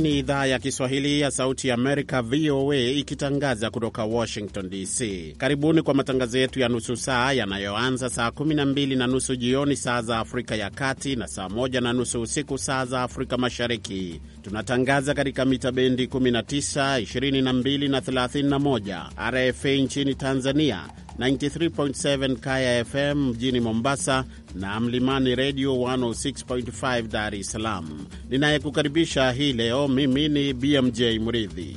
ni idhaa ya Kiswahili ya Sauti ya Amerika, VOA, ikitangaza kutoka Washington DC. Karibuni kwa matangazo yetu ya nusu saa yanayoanza saa 12 na nusu jioni saa za Afrika ya Kati na saa 1 na nusu usiku saa za Afrika Mashariki. Tunatangaza katika mita bendi 19, 22 na 31, RFA nchini Tanzania 93.7 Kaya FM mjini Mombasa na Mlimani Redio 106.5 Dar es Salaam. Ninayekukaribisha hii leo mimi ni BMJ Mridhi.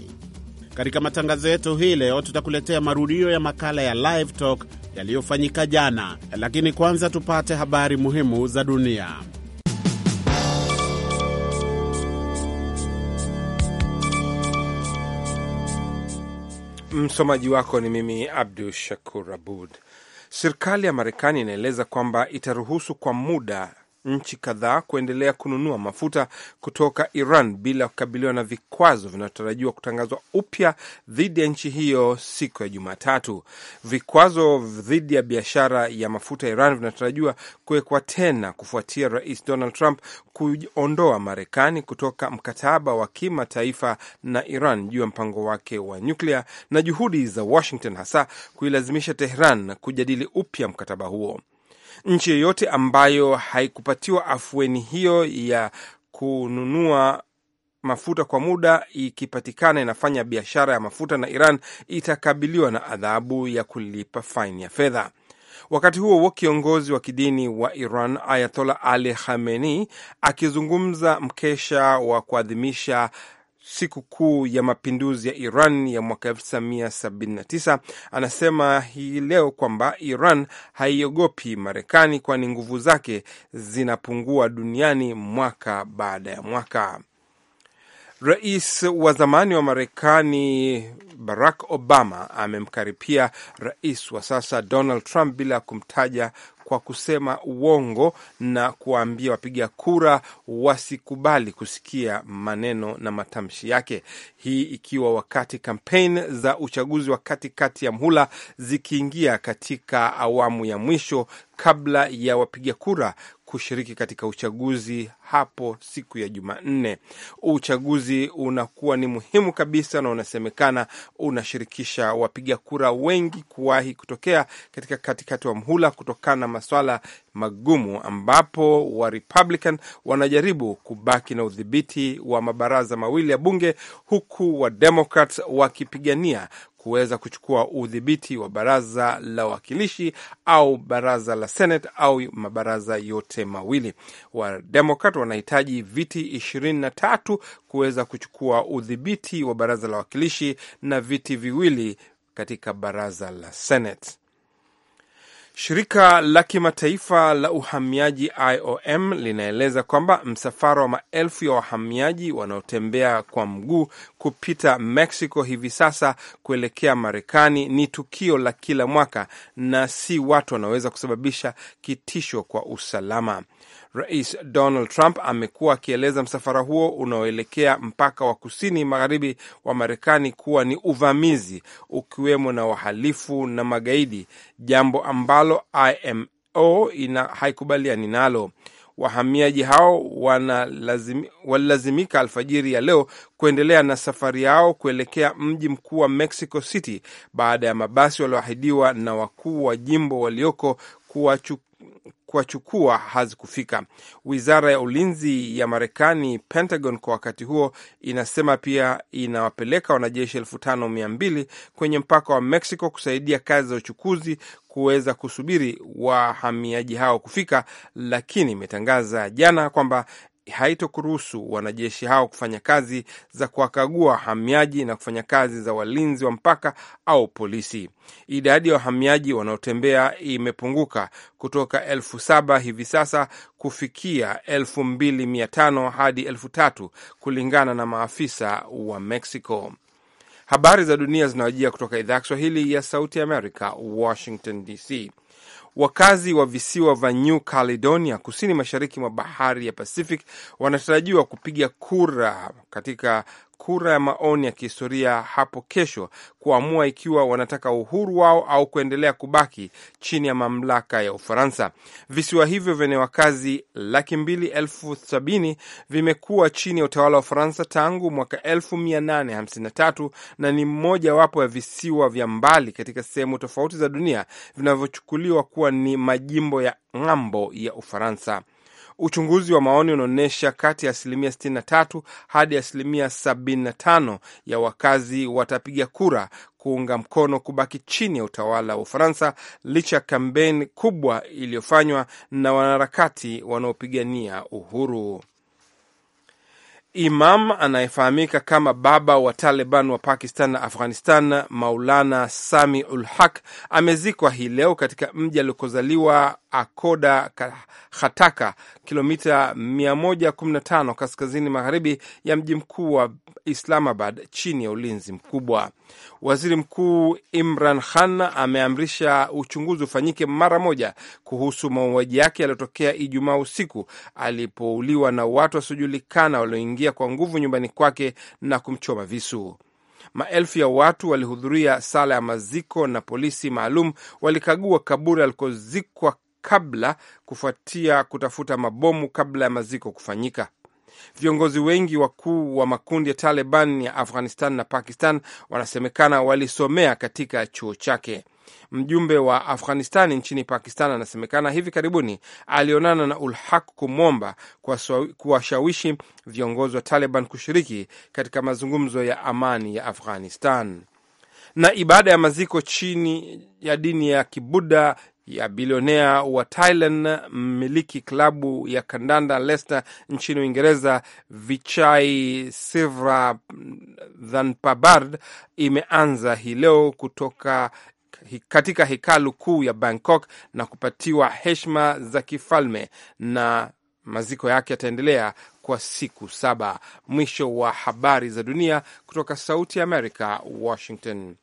Katika matangazo yetu hii leo tutakuletea marudio ya makala ya Live Talk yaliyofanyika jana, lakini kwanza tupate habari muhimu za dunia. Msomaji wako ni mimi Abdu Shakur Abud. Serikali ya Marekani inaeleza kwamba itaruhusu kwa muda nchi kadhaa kuendelea kununua mafuta kutoka Iran bila kukabiliwa na vikwazo vinavyotarajiwa kutangazwa upya dhidi ya nchi hiyo siku ya Jumatatu. Vikwazo dhidi ya biashara ya mafuta ya Iran vinatarajiwa kuwekwa tena kufuatia Rais Donald Trump kuondoa Marekani kutoka mkataba wa kimataifa na Iran juu ya mpango wake wa nyuklia na juhudi za Washington hasa kuilazimisha Tehran kujadili upya mkataba huo nchi yoyote ambayo haikupatiwa afueni hiyo ya kununua mafuta kwa muda ikipatikana inafanya biashara ya mafuta na Iran itakabiliwa na adhabu ya kulipa faini ya fedha. Wakati huo huo, kiongozi wa kidini wa Iran Ayatollah Ali Khamenei akizungumza mkesha wa kuadhimisha siku kuu ya mapinduzi ya Iran ya mwaka 1979 anasema hii leo kwamba Iran haiogopi Marekani, kwani nguvu zake zinapungua duniani mwaka baada ya mwaka. Rais wa zamani wa Marekani Barack Obama amemkaripia rais wa sasa Donald Trump bila kumtaja kwa kusema uongo na kuwaambia wapiga kura wasikubali kusikia maneno na matamshi yake, hii ikiwa wakati kampeni za uchaguzi wa katikati ya mhula zikiingia katika awamu ya mwisho kabla ya wapiga kura kushiriki katika uchaguzi hapo siku ya Jumanne. Uchaguzi unakuwa ni muhimu kabisa na unasemekana unashirikisha wapiga kura wengi kuwahi kutokea katika katikati wa mhula, kutokana na maswala magumu ambapo wa Republican wanajaribu kubaki na udhibiti wa mabaraza mawili ya bunge huku wa Democrats wakipigania kuweza kuchukua udhibiti wa baraza la wawakilishi au baraza la Senate au mabaraza yote mawili. Wa Democrat wanahitaji viti ishirini na tatu kuweza kuchukua udhibiti wa baraza la wawakilishi na viti viwili katika baraza la Senate. Shirika la kimataifa la uhamiaji IOM linaeleza kwamba msafara wa maelfu ya wahamiaji wanaotembea kwa mguu kupita Mexico hivi sasa kuelekea Marekani ni tukio la kila mwaka na si watu wanaoweza kusababisha kitisho kwa usalama. Rais Donald Trump amekuwa akieleza msafara huo unaoelekea mpaka wa kusini magharibi wa Marekani kuwa ni uvamizi, ukiwemo na wahalifu na magaidi, jambo ambalo IMO ina haikubaliani nalo. Wahamiaji hao walilazimika alfajiri ya leo kuendelea na safari yao kuelekea mji mkuu wa Mexico City baada ya mabasi walioahidiwa na wakuu wa jimbo walioko kuwachuku kuwachukua hazikufika. Wizara ya ulinzi ya Marekani, Pentagon, kwa wakati huo inasema pia inawapeleka wanajeshi elfu tano mia mbili kwenye mpaka wa Mexico kusaidia kazi za uchukuzi kuweza kusubiri wahamiaji hao kufika, lakini imetangaza jana kwamba haitokuruhusu wanajeshi hao kufanya kazi za kuwakagua wahamiaji na kufanya kazi za walinzi wa mpaka au polisi. Idadi ya wahamiaji wanaotembea imepunguka kutoka elfu saba hivi sasa kufikia elfu mbili mia tano hadi elfu tatu kulingana na maafisa wa Mexico. Habari za dunia zinawajia kutoka idhaa ya Kiswahili ya Sauti Amerika, Washington DC. Wakazi wa visiwa vya New Caledonia kusini mashariki mwa bahari ya Pacific wanatarajiwa kupiga kura katika kura ya maoni ya kihistoria hapo kesho kuamua ikiwa wanataka uhuru wao au kuendelea kubaki chini ya mamlaka ya Ufaransa. Visiwa hivyo vyenye wakazi laki mbili elfu sabini vimekuwa chini ya utawala wa Ufaransa tangu mwaka 1853 na ni mmojawapo ya visiwa vya mbali katika sehemu tofauti za dunia vinavyochukuliwa kuwa ni majimbo ya ng'ambo ya Ufaransa. Uchunguzi wa maoni unaonyesha kati ya asilimia 63 hadi asilimia 75 ya wakazi watapiga kura kuunga mkono kubaki chini ya utawala wa Ufaransa licha ya kampeni kubwa iliyofanywa na wanaharakati wanaopigania uhuru. Imam anayefahamika kama baba wa Taliban wa Pakistan na Afghanistan, Maulana Sami ul Haq amezikwa hii leo katika mji alikozaliwa Akoda Hataka, kilomita 115 kaskazini magharibi ya mji mkuu wa Islamabad, chini ya ulinzi mkubwa. Waziri Mkuu Imran Khan ameamrisha uchunguzi ufanyike mara moja kuhusu mauaji yake yaliyotokea Ijumaa usiku alipouliwa na watu wasiojulikana walioingia kwa nguvu nyumbani kwake na kumchoma visu. Maelfu ya watu walihudhuria sala ya maziko na polisi maalum walikagua kaburi alikozikwa kabla kufuatia kutafuta mabomu kabla ya maziko kufanyika. Viongozi wengi wakuu wa makundi ya Taliban ya Afghanistan na Pakistan wanasemekana walisomea katika chuo chake. Mjumbe wa Afghanistani nchini Pakistan anasemekana hivi karibuni alionana na Ulhaq kumwomba kuwashawishi viongozi wa Taliban kushiriki katika mazungumzo ya amani ya Afghanistan. Na ibada ya maziko chini ya dini ya Kibuda ya bilionea wa Thailand, mmiliki klabu ya kandanda Leicester nchini Uingereza, Vichai sivra Thanpabard imeanza hii leo kutoka katika hekalu kuu ya Bangkok na kupatiwa heshima za kifalme na maziko yake yataendelea kwa siku saba. Mwisho wa habari za dunia kutoka Sauti ya Amerika, Washington.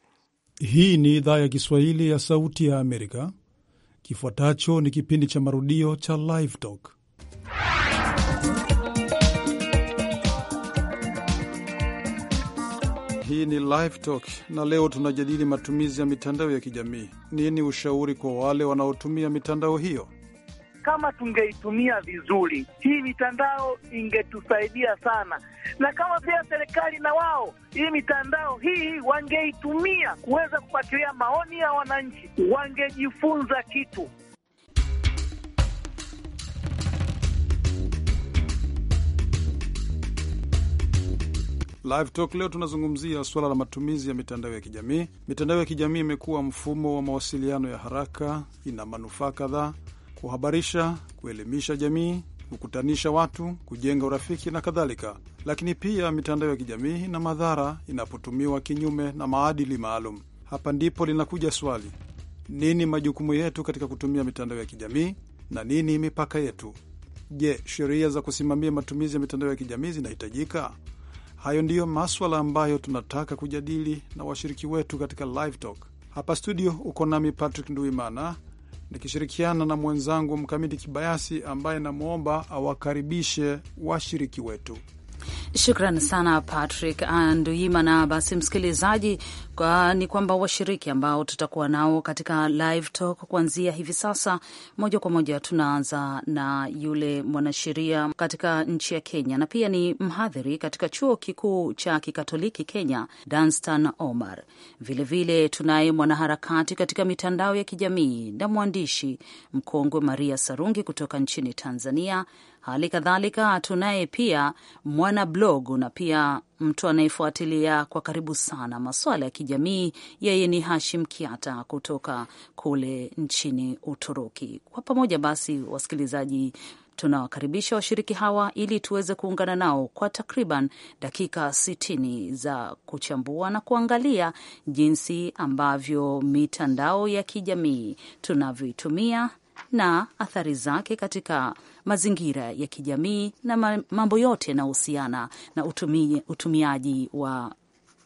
Hii ni idhaa ya Kiswahili ya Sauti ya Amerika. Kifuatacho ni kipindi cha marudio cha Live Talk. Hii ni Live Talk na leo tunajadili matumizi ya mitandao ya kijamii. Nini ushauri kwa wale wanaotumia mitandao hiyo? kama tungeitumia vizuri hii mitandao ingetusaidia sana, na kama pia serikali na wao hii mitandao hii wangeitumia kuweza kufuatilia maoni ya wananchi, wangejifunza kitu. Live Talk leo tunazungumzia suala la matumizi ya mitandao ya kijamii. Mitandao ya kijamii imekuwa mfumo wa mawasiliano ya haraka, ina manufaa kadhaa kuhabarisha, kuelimisha jamii, kukutanisha watu, kujenga urafiki na kadhalika, lakini pia mitandao ya kijamii na madhara inapotumiwa kinyume na maadili maalum. Hapa ndipo linakuja swali: nini majukumu yetu katika kutumia mitandao ya kijamii na nini mipaka yetu? Je, sheria za kusimamia matumizi ya mitandao ya kijamii zinahitajika? Hayo ndiyo maswala ambayo tunataka kujadili na washiriki wetu katika Live Talk. Hapa studio uko nami Patrick Nduimana nikishirikiana na mwenzangu Mkamiti Kibayasi ambaye namwomba awakaribishe washiriki wetu. Shukran sana Patrick Anduimana. Basi msikilizaji, kwa ni kwamba washiriki ambao tutakuwa nao katika live talk kuanzia hivi sasa, moja kwa moja tunaanza na yule mwanasheria katika nchi ya Kenya na pia ni mhadhiri katika chuo kikuu cha kikatoliki Kenya, Danstan Omar. Vilevile tunaye mwanaharakati katika mitandao ya kijamii na mwandishi mkongwe Maria Sarungi kutoka nchini Tanzania, Hali kadhalika tunaye pia mwana blog na pia mtu anayefuatilia kwa karibu sana masuala ya kijamii. Yeye ni Hashim Kiata kutoka kule nchini Uturuki. Kwa pamoja basi, wasikilizaji, tunawakaribisha washiriki hawa ili tuweze kuungana nao kwa takriban dakika sitini za kuchambua na kuangalia jinsi ambavyo mitandao ya kijamii tunavyoitumia na athari zake katika mazingira ya kijamii na mambo yote yanayohusiana na utumi, utumiaji wa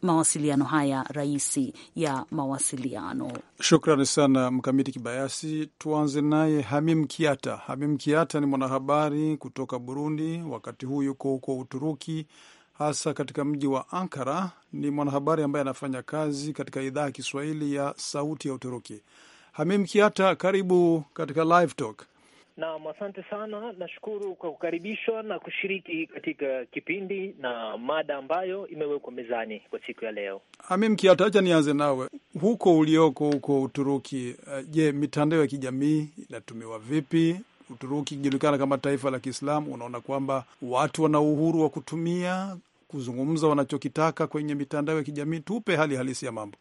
mawasiliano haya rahisi ya mawasiliano. Shukrani sana Mkamiti Kibayasi. Tuanze naye Hamim Kiata. Hamim Kiata ni mwanahabari kutoka Burundi, wakati huu yuko huko Uturuki, hasa katika mji wa Ankara. Ni mwanahabari ambaye anafanya kazi katika idhaa ya Kiswahili ya Sauti ya Uturuki. Hamim Kiata, karibu katika Live Talk. Naam, asante sana. Nashukuru kwa kukaribishwa na kushiriki katika kipindi na mada ambayo imewekwa mezani kwa siku ya leo. Hamim Kiata, hacha nianze nawe huko ulioko huko Uturuki. Eh, je, mitandao ya kijamii inatumiwa vipi? Uturuki ikijulikana kama taifa la Kiislamu, unaona kwamba watu wana uhuru wa kutumia kuzungumza wanachokitaka kwenye mitandao ya kijamii? Tupe hali halisi ya mambo.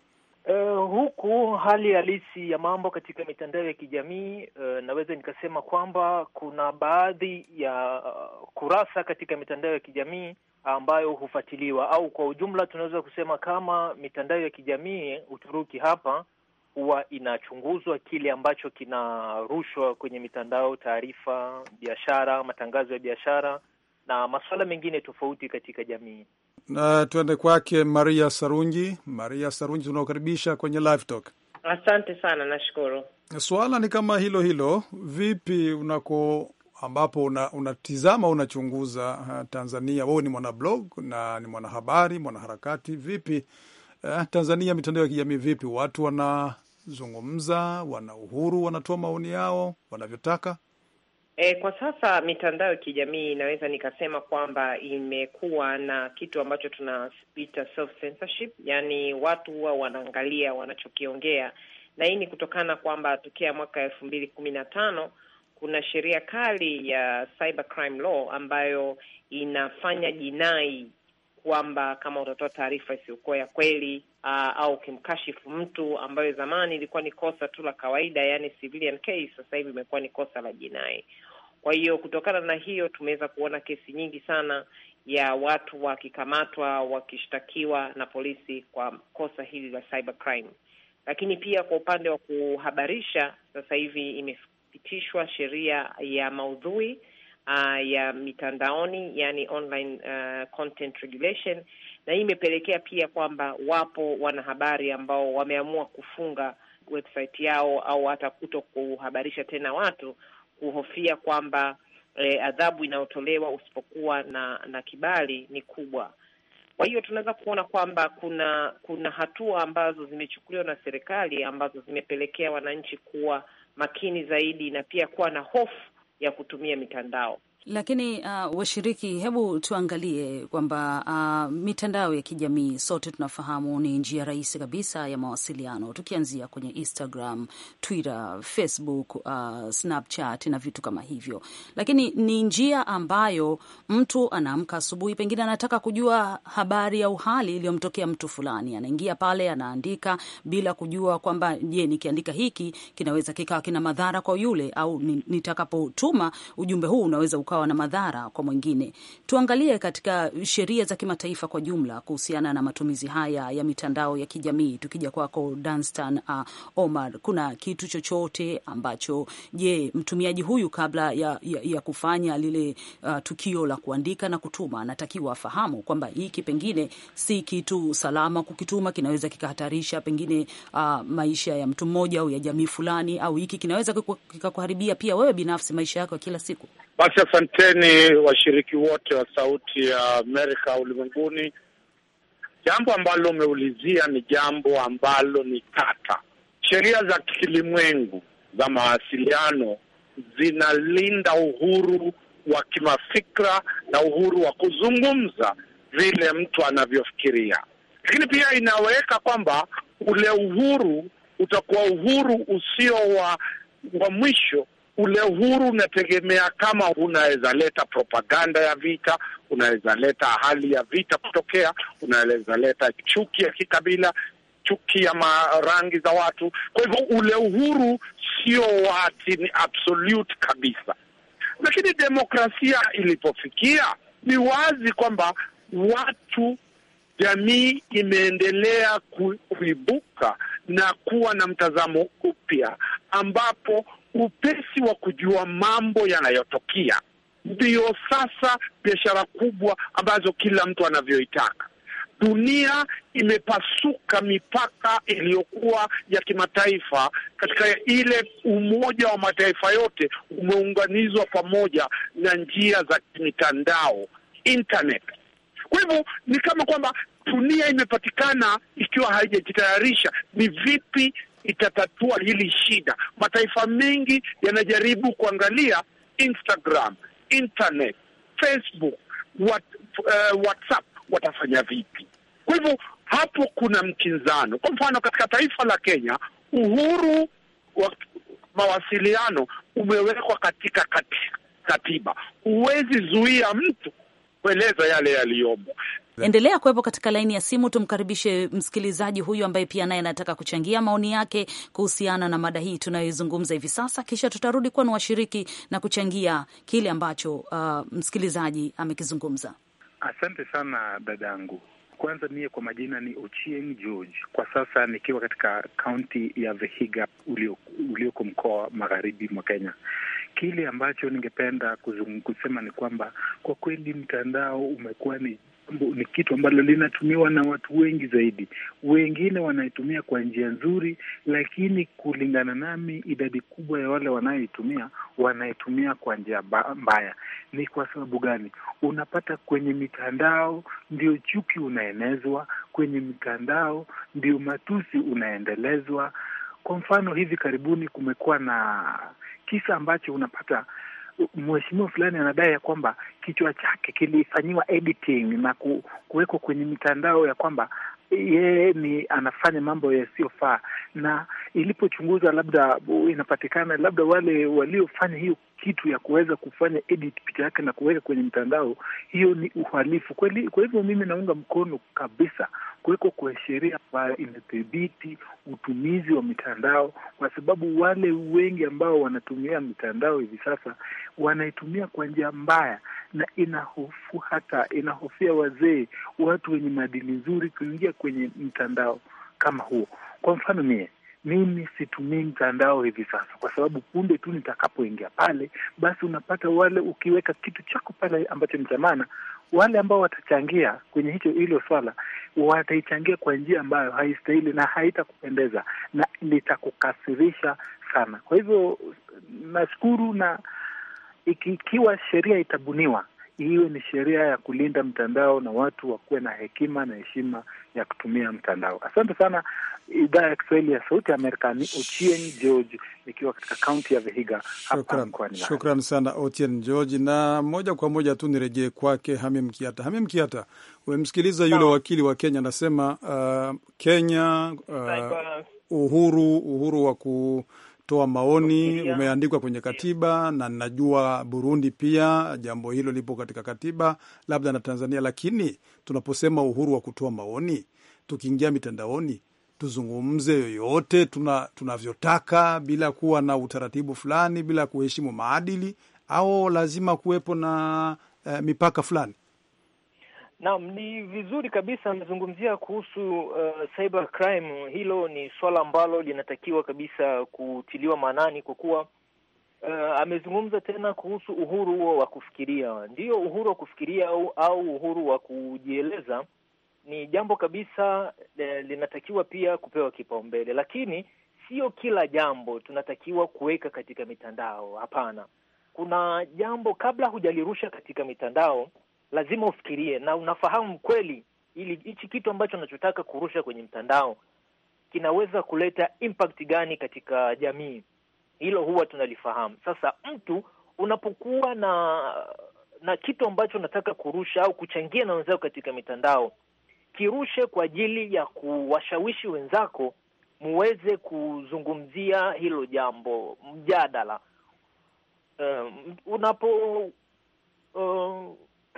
Uh, huku hali halisi ya mambo katika mitandao ya kijamii uh, naweza nikasema kwamba kuna baadhi ya uh, kurasa katika mitandao ya kijamii ambayo hufuatiliwa au kwa ujumla tunaweza kusema kama mitandao ya kijamii Uturuki hapa huwa inachunguzwa kile ambacho kinarushwa kwenye mitandao, taarifa, biashara, matangazo ya biashara na masuala mengine tofauti katika jamii. Na tuende kwake Maria Sarungi. Maria Sarungi, tunaokaribisha kwenye Live Talk. Asante sana, nashukuru. Swala ni kama hilo hilo, vipi unako ambapo unatizama una unachunguza uh, Tanzania, wewe ni mwanablog na ni mwanahabari, mwanaharakati, vipi eh, Tanzania mitandao ya kijamii vipi, watu wanazungumza, wana uhuru, wanatoa maoni yao wanavyotaka? E, kwa sasa mitandao ya kijamii inaweza nikasema kwamba imekuwa na kitu ambacho tunaita self censorship, yaani watu huwa wanaangalia wanachokiongea, na hii ni kutokana kwamba tokea mwaka elfu mbili kumi na tano kuna sheria kali ya cybercrime law ambayo inafanya jinai kwamba kama utatoa taarifa isiyokuwa ya kweli uh, au ukimkashifu mtu ambayo zamani ilikuwa ni kosa tu la kawaida, yani civilian case, sasa hivi imekuwa ni kosa la jinai. Kwa hiyo kutokana na hiyo tumeweza kuona kesi nyingi sana ya watu wakikamatwa wakishtakiwa na polisi kwa kosa hili la cyber crime. Lakini pia kwa upande wa kuhabarisha, sasa hivi imepitishwa sheria ya maudhui uh, ya mitandaoni, yani online uh, content regulation, na hii imepelekea pia kwamba wapo wanahabari ambao wameamua kufunga website yao au hata kuto kuhabarisha tena watu kuhofia kwamba eh, adhabu inayotolewa usipokuwa na na kibali ni kubwa. Kwa hiyo tunaweza kuona kwamba kuna kuna hatua ambazo zimechukuliwa na serikali ambazo zimepelekea wananchi kuwa makini zaidi na pia kuwa na hofu ya kutumia mitandao. Lakini uh, washiriki, hebu tuangalie kwamba uh, mitandao ya kijamii sote tunafahamu ni njia rahisi kabisa ya mawasiliano, tukianzia kwenye Instagram, Twitter, Facebook, uh, Snapchat na vitu kama hivyo, lakini ni njia ambayo mtu anaamka asubuhi, pengine anataka kujua habari au hali iliyomtokea mtu fulani, anaingia pale, anaandika bila kujua kwamba je, nikiandika hiki kinaweza kikawa kina madhara kwa yule, au nitakapotuma ujumbe huu unaweza uka kukawa na madhara kwa mwingine. Tuangalie katika sheria za kimataifa kwa jumla kuhusiana na matumizi haya ya mitandao ya kijamii. Tukija kwako Danstan uh, Omar, kuna kitu chochote ambacho, je, mtumiaji huyu kabla ya, ya, ya kufanya lile uh, tukio la kuandika na kutuma anatakiwa afahamu kwamba hiki pengine si kitu salama kukituma, kinaweza kikahatarisha pengine uh, maisha ya mtu mmoja au ya jamii fulani, au hiki kinaweza kikakuharibia pia wewe binafsi maisha yako ya kila siku. Basi, Asanteni washiriki wote wa Sauti ya Amerika ulimwenguni. Jambo ambalo umeulizia ni jambo ambalo ni tata. Sheria za kilimwengu za mawasiliano zinalinda uhuru wa kimafikra na uhuru wa kuzungumza vile mtu anavyofikiria, lakini pia inaweka kwamba ule uhuru utakuwa uhuru usio wa, wa mwisho ule uhuru unategemea kama unaweza leta propaganda ya vita, unaweza leta hali ya vita kutokea, unaweza leta chuki ya kikabila, chuki ya marangi za watu. Kwa hivyo ule uhuru sio wati, ni absolute kabisa. Lakini demokrasia ilipofikia, ni wazi kwamba watu, jamii imeendelea kuibuka na kuwa na mtazamo upya ambapo upesi wa kujua mambo yanayotokea ndiyo sasa biashara kubwa ambazo kila mtu anavyoitaka. Dunia imepasuka mipaka iliyokuwa ya kimataifa. Katika ile Umoja wa Mataifa yote umeunganizwa pamoja na njia za mitandao, internet. Kwa hivyo ni kama kwamba dunia imepatikana ikiwa haijajitayarisha. Ni vipi itatatua hili shida. Mataifa mengi yanajaribu kuangalia Instagram, internet, Facebook, what, uh, eh, WhatsApp watafanya vipi? Kwa hivyo hapo kuna mkinzano. Kwa mfano katika taifa la Kenya, uhuru wa mawasiliano umewekwa katika katiba. Huwezi zuia mtu kueleza yale yaliyomo. Endelea kuwepo katika laini ya simu, tumkaribishe msikilizaji huyu ambaye pia naye anataka kuchangia maoni yake kuhusiana na mada hii tunayoizungumza hivi sasa, kisha tutarudi kwenu washiriki na kuchangia kile ambacho uh, msikilizaji amekizungumza. Asante sana dadangu. Kwanza mie kwa majina ni Ochieng George, kwa sasa nikiwa katika kaunti ya Vihiga ulioko ulio mkoa magharibi mwa Kenya. Kile ambacho ningependa kusema ni kwamba kwa kweli mtandao umekuwa ni ni kitu ambalo linatumiwa na watu wengi zaidi. Wengine wanaitumia kwa njia nzuri, lakini kulingana nami, idadi kubwa ya wale wanaoitumia wanaitumia kwa njia mbaya. Ni kwa sababu gani? Unapata kwenye mitandao ndio chuki unaenezwa, kwenye mitandao ndio matusi unaendelezwa. Kwa mfano, hivi karibuni kumekuwa na kisa ambacho unapata mheshimiwa fulani anadai ya kwamba kichwa chake kilifanyiwa editing na kuwekwa kwenye mitandao ya kwamba yeye ni anafanya mambo yasiyofaa, na ilipochunguza labda inapatikana labda wale waliofanya hiyo kitu ya kuweza kufanya edit picha yake na kuweka kwenye mtandao, hiyo ni uhalifu kweli. Kwa hivyo mimi naunga mkono kabisa kuwekwa kwa sheria ambayo imedhibiti utumizi wa mitandao, kwa sababu wale wengi ambao wanatumia mitandao hivi sasa wanaitumia kwa njia mbaya, na inahofu hata inahofia wazee, watu wenye maadili nzuri kuingia kwenye mtandao kama huo. Kwa mfano mie mimi situmii mtandao hivi sasa, kwa sababu punde tu nitakapoingia pale, basi unapata wale, ukiweka kitu chako pale ambacho ni chamana, wale ambao watachangia kwenye hicho hilo swala wataichangia kwa njia ambayo haistahili na haitakupendeza na litakukasirisha sana. Kwa hivyo nashukuru na ikiwa sheria itabuniwa iwe ni sheria ya kulinda mtandao na watu wakuwe na hekima na heshima ya kutumia mtandao. Asante sana idhaa ya Kiswahili ya Sauti ya Amerika. Ni Ochieng George nikiwa katika kaunti ya Vihiga hapa Shukran sana Otien George, na moja kwa moja tu nirejee kwake Hamim Kiata. Hamim Kiata, umemsikiliza yule wakili wa Kenya anasema uh, Kenya uh, uhuru uhuru wa ku toa maoni umeandikwa kwenye katiba, na ninajua Burundi pia jambo hilo lipo katika katiba, labda na Tanzania. Lakini tunaposema uhuru wa kutoa maoni, tukiingia mitandaoni tuzungumze yoyote tunavyotaka, tuna bila kuwa na utaratibu fulani, bila kuheshimu maadili, au lazima kuwepo na eh, mipaka fulani? Naam, ni vizuri kabisa amezungumzia kuhusu uh, cyber crime. Hilo ni swala ambalo linatakiwa kabisa kutiliwa maanani kwa kuwa uh, amezungumza tena kuhusu uhuru huo wa kufikiria. Ndiyo, uhuru wa kufikiria au, au uhuru wa kujieleza ni jambo kabisa eh, linatakiwa pia kupewa kipaumbele, lakini sio kila jambo tunatakiwa kuweka katika mitandao. Hapana, kuna jambo kabla hujalirusha katika mitandao lazima ufikirie na unafahamu kweli, ili hichi kitu ambacho unachotaka kurusha kwenye mtandao kinaweza kuleta impact gani katika jamii. Hilo huwa tunalifahamu. Sasa mtu unapokuwa na na kitu ambacho unataka kurusha au kuchangia na wenzako katika mitandao, kirushe kwa ajili ya kuwashawishi wenzako muweze kuzungumzia hilo jambo, mjadala. Um, unapo um,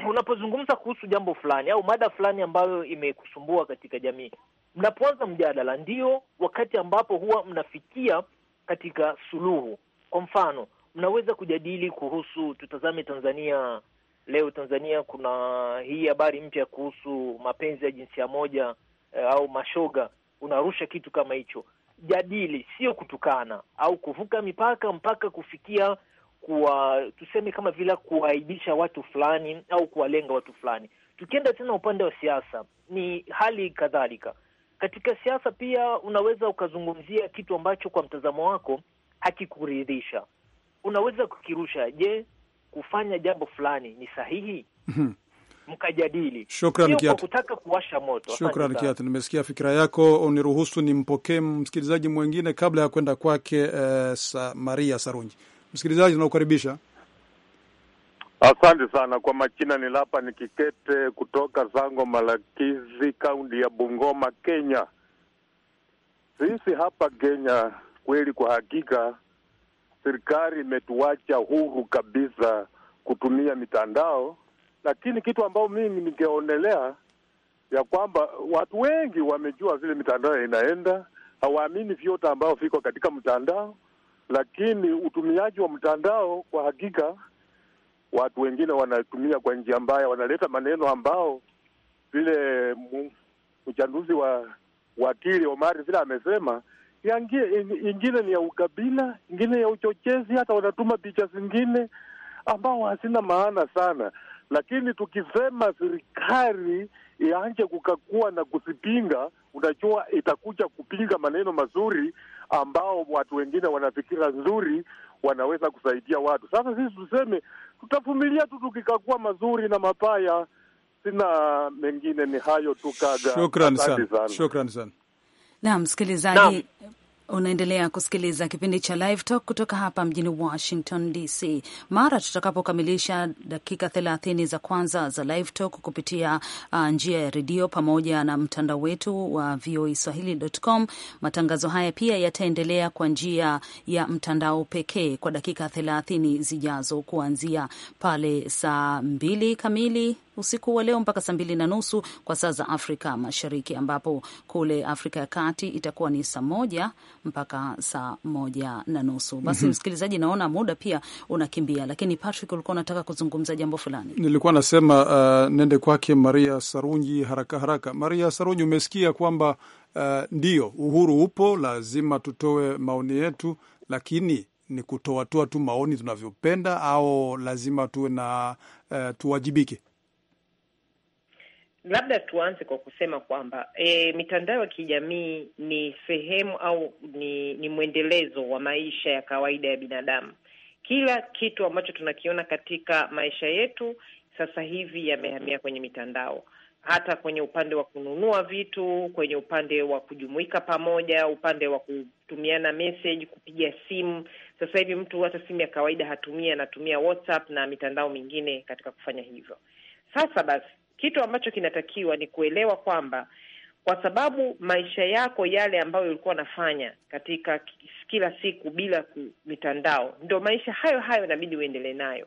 unapozungumza kuhusu jambo fulani au mada fulani ambayo imekusumbua katika jamii, mnapoanza mjadala ndio wakati ambapo huwa mnafikia katika suluhu. Kwa mfano, mnaweza kujadili kuhusu, tutazame Tanzania leo. Tanzania kuna hii habari mpya kuhusu mapenzi ya jinsia moja eh, au mashoga. Unarusha kitu kama hicho, jadili, sio kutukana au kuvuka mipaka mpaka kufikia kuwa tuseme kama vile kuwaibisha watu fulani au kuwalenga watu fulani. Tukienda tena upande wa siasa, ni hali kadhalika. Katika siasa pia unaweza ukazungumzia kitu ambacho kwa mtazamo wako hakikuridhisha, unaweza kukirusha. Je, kufanya jambo fulani ni sahihi? Mhm. Mkajadili, sio kutaka kuwasha moto. Shukran nimesikia fikira yako, uniruhusu nimpokee msikilizaji mwengine kabla ya kwenda kwake. Uh, sa Maria Sarunji Msikilizaji tunakukaribisha. Asante sana kwa machina, ni lapa nikikete kutoka Sango Malakizi, kaunti ya Bungoma, Kenya. Sisi hapa Kenya kweli, kwa hakika serikali imetuacha huru kabisa kutumia mitandao, lakini kitu ambayo mimi ningeonelea ya kwamba watu wengi wamejua vile mitandao inaenda, hawaamini vyote ambao viko katika mtandao lakini utumiaji wa mtandao kwa hakika, watu wengine wanatumia kwa njia mbaya, wanaleta maneno ambao vile mchanduzi wa wakili Omari vile amesema, ingine ni ya ukabila, ingine ya uchochezi, hata wanatuma picha zingine ambao hazina maana sana. Lakini tukisema serikali ianje kukakua na kuzipinga, unajua itakuja kupinga maneno mazuri ambao watu wengine wanafikira nzuri wanaweza kusaidia watu. Sasa sisi tuseme tutavumilia tu tukikakua mazuri na mabaya. Sina mengine, ni hayo tu. Kaga, sana, sana. Naam, msikilizaji Unaendelea kusikiliza kipindi cha Live Talk kutoka hapa mjini Washington DC. Mara tutakapokamilisha dakika thelathini za kwanza za Live Talk kupitia uh, njia ya redio pamoja na mtandao wetu wa VOA Swahili.com, matangazo haya pia yataendelea kwa njia ya mtandao pekee kwa dakika thelathini zijazo kuanzia pale saa mbili kamili usiku wa leo mpaka saa mbili na nusu kwa saa za Afrika Mashariki, ambapo kule Afrika ya Kati itakuwa ni saa moja mpaka saa moja na nusu. Mhm. Basi mm -hmm. Msikilizaji, naona muda pia unakimbia, lakini Patrick, ulikuwa unataka kuzungumza jambo fulani. Nilikuwa nasema uh, nende kwake Maria Sarunji haraka haraka. Maria Sarunji, umesikia kwamba uh, ndio uhuru upo, lazima tutoe maoni yetu, lakini ni kutoatoa tu maoni tunavyopenda, au lazima tuwe na uh, tuwajibike? labda tuanze kwa kusema kwamba e, mitandao ya kijamii ni sehemu au ni, ni mwendelezo wa maisha ya kawaida ya binadamu. Kila kitu ambacho tunakiona katika maisha yetu sasa hivi yamehamia kwenye mitandao, hata kwenye upande wa kununua vitu, kwenye upande wa kujumuika pamoja, upande wa kutumiana message, kupiga simu. Sasa hivi mtu hata simu ya kawaida hatumii, anatumia WhatsApp na mitandao mingine katika kufanya hivyo. Sasa basi kitu ambacho kinatakiwa ni kuelewa kwamba kwa sababu maisha yako yale ambayo ulikuwa unafanya katika kila siku bila mitandao, ndio maisha hayo hayo inabidi uendelee nayo.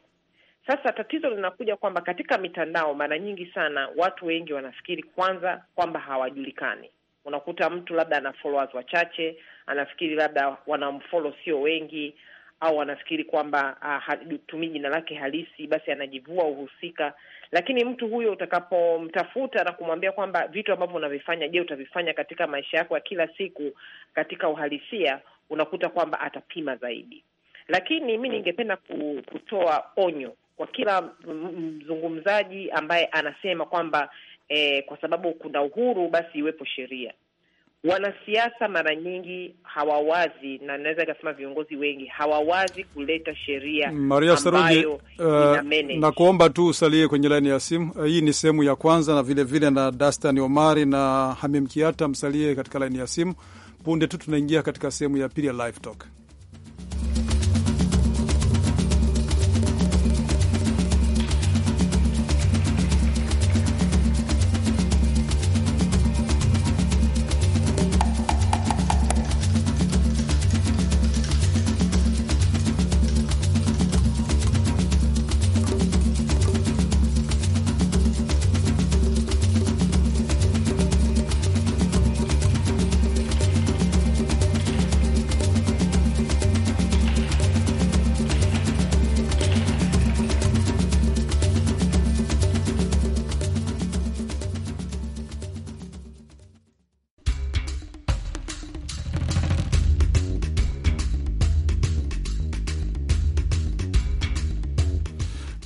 Sasa tatizo linakuja kwamba katika mitandao, mara nyingi sana watu wengi wanafikiri kwanza kwamba hawajulikani. Unakuta mtu labda ana followers wachache, anafikiri labda wanamfollow sio wengi, au anafikiri kwamba ah, hatumii jina lake halisi, basi anajivua uhusika. Lakini mtu huyo utakapomtafuta na kumwambia kwamba vitu ambavyo unavifanya, je, utavifanya katika maisha yako ya kila siku katika uhalisia, unakuta kwamba atapima zaidi. Lakini mi ningependa kutoa onyo kwa kila mzungumzaji ambaye anasema kwamba eh, kwa sababu kuna uhuru basi iwepo sheria. Wanasiasa mara nyingi hawawazi, na naweza ikasema viongozi wengi hawawazi kuleta sheria Maria Saruji, uh, eh, na kuomba tu usalie kwenye laini ya simu. Uh, hii ni sehemu ya kwanza, na vilevile vile na Dastan Omari na Hamim Kiata msalie katika laini ya simu. Punde tu tunaingia katika sehemu ya pili ya Live Talk.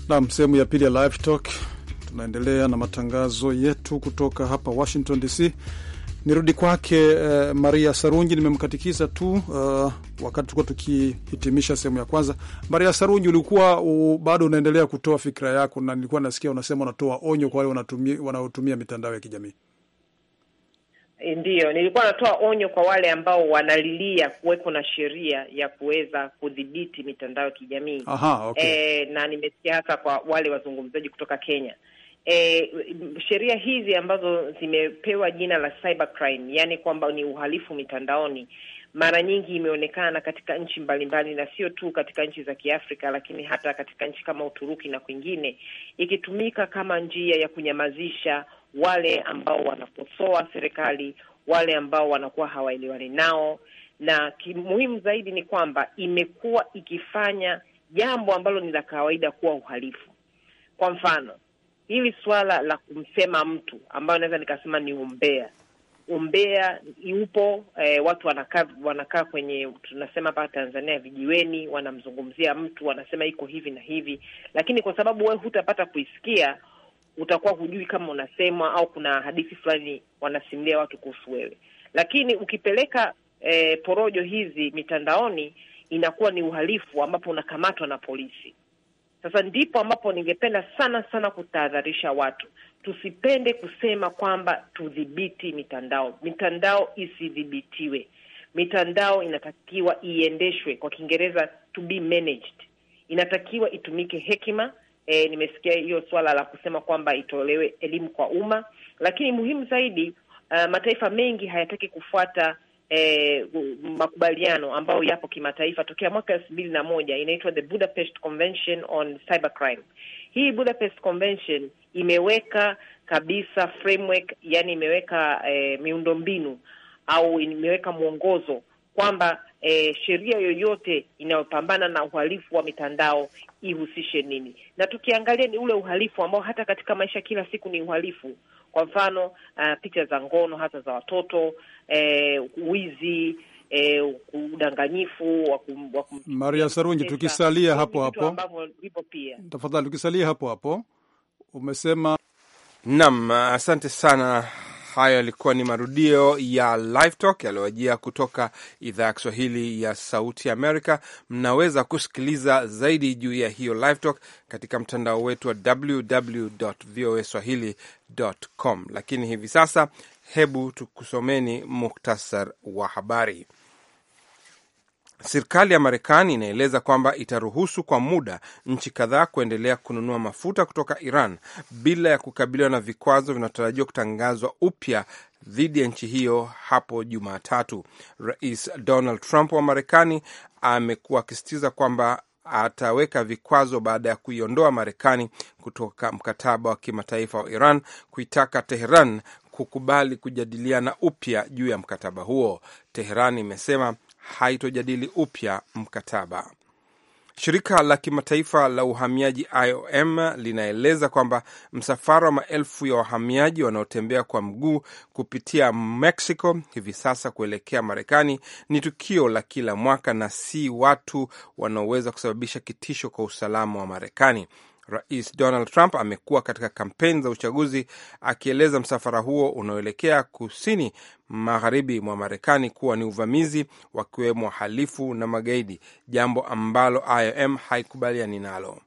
Nam sehemu ya pili ya Live Talk, tunaendelea na matangazo yetu kutoka hapa Washington DC. Nirudi kwake uh, Maria Sarunji. Nimemkatikiza tu uh, wakati tulikuwa tukihitimisha sehemu ya kwanza. Maria Sarunji, ulikuwa uh, bado unaendelea kutoa fikira yako, na nilikuwa nasikia unasema unatoa onyo kwa wale wanaotumia mitandao ya kijamii. Eh, Ndiyo, nilikuwa natoa onyo kwa wale ambao wanalilia kuweko na sheria ya kuweza kudhibiti mitandao ya kijamii. Aha, okay. E, na nimesikia hasa kwa wale wazungumzaji kutoka Kenya. E, sheria hizi ambazo zimepewa jina la crime, yani kwamba ni uhalifu mitandaoni, mara nyingi imeonekana katika nchi mbalimbali na sio tu katika nchi za Kiafrika, lakini hata katika nchi kama Uturuki na kwingine, ikitumika kama njia ya kunyamazisha wale ambao wanakosoa serikali, wale ambao wanakuwa hawaelewani nao, na muhimu zaidi ni kwamba imekuwa ikifanya jambo ambalo ni la kawaida kuwa uhalifu. Kwa mfano, hili suala la kumsema mtu ambayo naweza nikasema ni umbea umbea yupo. Eh, watu wanakaa wanakaa kwenye tunasema hapa Tanzania vijiweni, wanamzungumzia mtu wanasema iko hivi na hivi, lakini kwa sababu wewe hutapata kuisikia utakuwa hujui kama unasema au kuna hadithi fulani wanasimulia watu kuhusu wewe. Lakini ukipeleka e, porojo hizi mitandaoni inakuwa ni uhalifu ambapo unakamatwa na polisi. Sasa ndipo ambapo ningependa sana sana kutahadharisha watu, tusipende kusema kwamba tudhibiti mitandao. Mitandao isidhibitiwe, mitandao inatakiwa iendeshwe, kwa Kiingereza to be managed. Inatakiwa itumike hekima, E, nimesikia hiyo swala la kusema kwamba itolewe elimu kwa umma, lakini muhimu zaidi uh, mataifa mengi hayataki kufuata eh, makubaliano ambayo yapo kimataifa tokea mwaka elfu mbili na moja inaitwa the Budapest Convention on Cybercrime. Hii Budapest Convention imeweka kabisa framework, yani imeweka eh, miundombinu au imeweka mwongozo kwamba e, sheria yoyote inayopambana na uhalifu wa mitandao ihusishe nini, na tukiangalia ni ule uhalifu ambao hata katika maisha kila siku ni uhalifu. Kwa mfano uh, picha za ngono hasa za watoto e, wizi E, udanganyifu wakum, wakum, Maria Sarungi, tukisalia hapo hapo tafadhali, tukisalia hapo hapo umesema. Naam, asante sana Hayo yalikuwa ni marudio ya Live Talk kutoka idhaa ya Kiswahili ya Sauti Amerika. Mnaweza kusikiliza zaidi juu ya hiyo Live Talk katika mtandao wetu wa www.voaswahili.com, lakini hivi sasa hebu tukusomeni muktasar wa habari. Serikali ya Marekani inaeleza kwamba itaruhusu kwa muda nchi kadhaa kuendelea kununua mafuta kutoka Iran bila ya kukabiliwa na vikwazo vinatarajiwa kutangazwa upya dhidi ya nchi hiyo hapo Jumatatu. Rais Donald Trump wa Marekani amekuwa akisisitiza kwamba ataweka vikwazo baada ya kuiondoa Marekani kutoka mkataba wa kimataifa wa Iran, kuitaka Teheran kukubali kujadiliana upya juu ya mkataba huo. Teheran imesema haitojadili upya mkataba. Shirika la kimataifa la uhamiaji IOM linaeleza kwamba msafara wa maelfu ya wahamiaji wanaotembea kwa mguu kupitia Mexico hivi sasa kuelekea Marekani ni tukio la kila mwaka na si watu wanaoweza kusababisha kitisho kwa usalama wa Marekani, Rais Donald Trump amekuwa katika kampeni za uchaguzi akieleza msafara huo unaoelekea kusini magharibi mwa Marekani kuwa ni uvamizi, wakiwemo wahalifu na magaidi, jambo ambalo IOM haikubaliani nalo.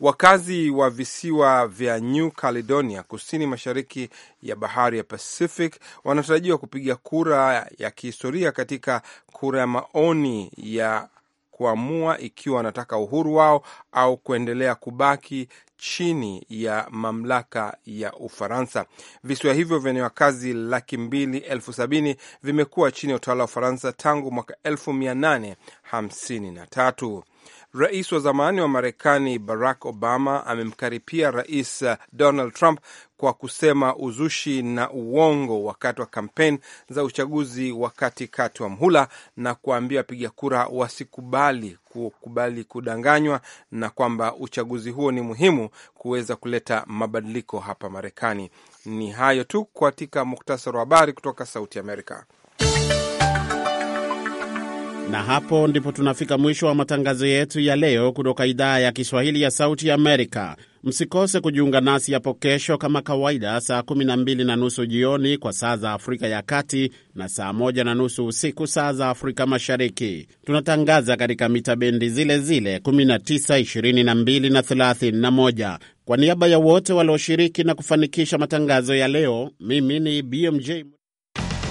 Wakazi wa visiwa vya New Caledonia kusini mashariki ya bahari ya Pacific wanatarajiwa kupiga kura ya kihistoria katika kura ya maoni ya kuamua ikiwa wanataka uhuru wao au kuendelea kubaki chini ya mamlaka ya Ufaransa. Visiwa hivyo vyenye wakazi laki mbili elfu sabini vimekuwa chini ya utawala wa Ufaransa tangu mwaka elfu mia nane hamsini na tatu. Rais wa zamani wa Marekani Barack Obama amemkaripia Rais Donald Trump kwa kusema uzushi na uongo wakati wa kampeni za uchaguzi wa katikati wa mhula na kuambia wapiga kura wasikubali kukubali kudanganywa na kwamba uchaguzi huo ni muhimu kuweza kuleta mabadiliko hapa Marekani. Ni hayo tu katika muktasari wa habari kutoka Sauti Amerika. Na hapo ndipo tunafika mwisho wa matangazo yetu ya leo kutoka idhaa ya Kiswahili ya Sauti Amerika. Msikose kujiunga nasi hapo kesho kama kawaida, saa 12 na nusu jioni kwa saa za Afrika ya Kati na saa 1 na nusu usiku saa za Afrika Mashariki. Tunatangaza katika mita bendi zile zile 19, 22 na 31. Kwa niaba ya wote walioshiriki na kufanikisha matangazo ya leo, mimi ni BMJ